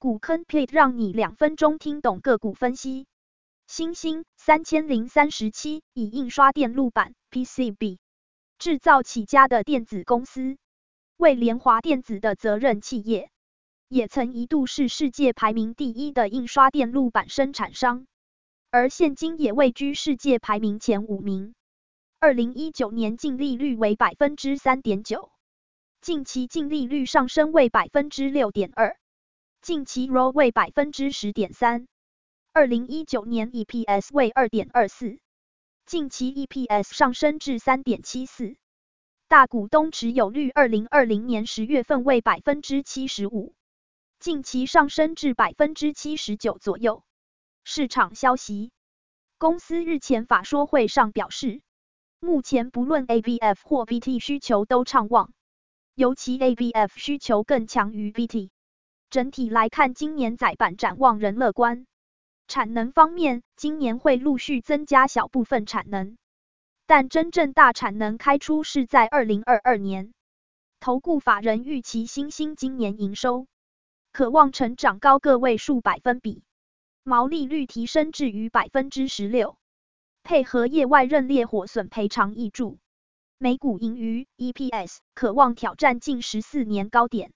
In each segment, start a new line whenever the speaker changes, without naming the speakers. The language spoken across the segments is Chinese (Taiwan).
股坑 plate 讓你兩分鐘聽懂個股分析。欣興三千零三十七，以印刷電路板 PCB 製造起家的電子公司，為聯華電子的責任企業，也曾一度是世界排名第一的印刷電路板生產商，而現今也位居世界排名前五名。二零一九年淨利率為百分之三點九，近期淨利率上升為百分之六點二。近期 ROE 為百分之十點三，二零一九年 EPS 為二點二四，近期 EPS 上升至三點七四，大股東持有率二零二零年十月份為百分之七十五，近期上升至百分之七十九左右。市場消息，公司日前法說會上表示，目前不論 ABF 或 BT 需求都暢旺，尤其 ABF 需求更強於 BT。整體來看，今年載板展望仍樂觀。產能方面，今年會陸續增加小部分產能，但真正大產能開出是在二零二二年。投顧法人預期，欣興今年營收可望成長高個位數百分比，毛利率提升至逾百分之十六，配合業外認列火損賠償挹注，每股盈餘 EPS 可望挑戰近十四年高點。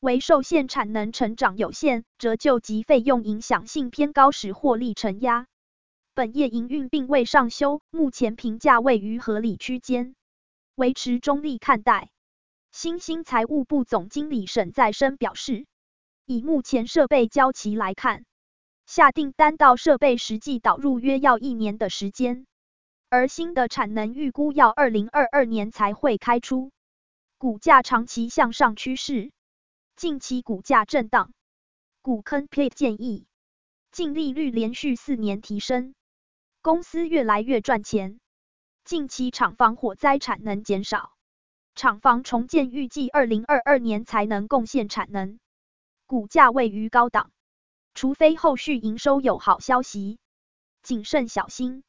為受限產能成長有限，折舊及費用影響性偏高時獲利承壓。本業營運並未上修，目前評價位於合理區間，維持中立看待。欣興財務部總經理沈在生表示，以目前設備交期來看，下訂單到設備實際導入約要一年的時間，而新的產能預估要二零二二年才會開出。股價長期向上趨勢。近期股價震盪，股坑 p l t e 建議，淨利率連續四年提升，公司越來越賺錢。近期廠房火災產能減少，廠房重建預計二零二二年才能貢獻產能，股價位於高檔，除非後續營收有好消息，謹慎小心。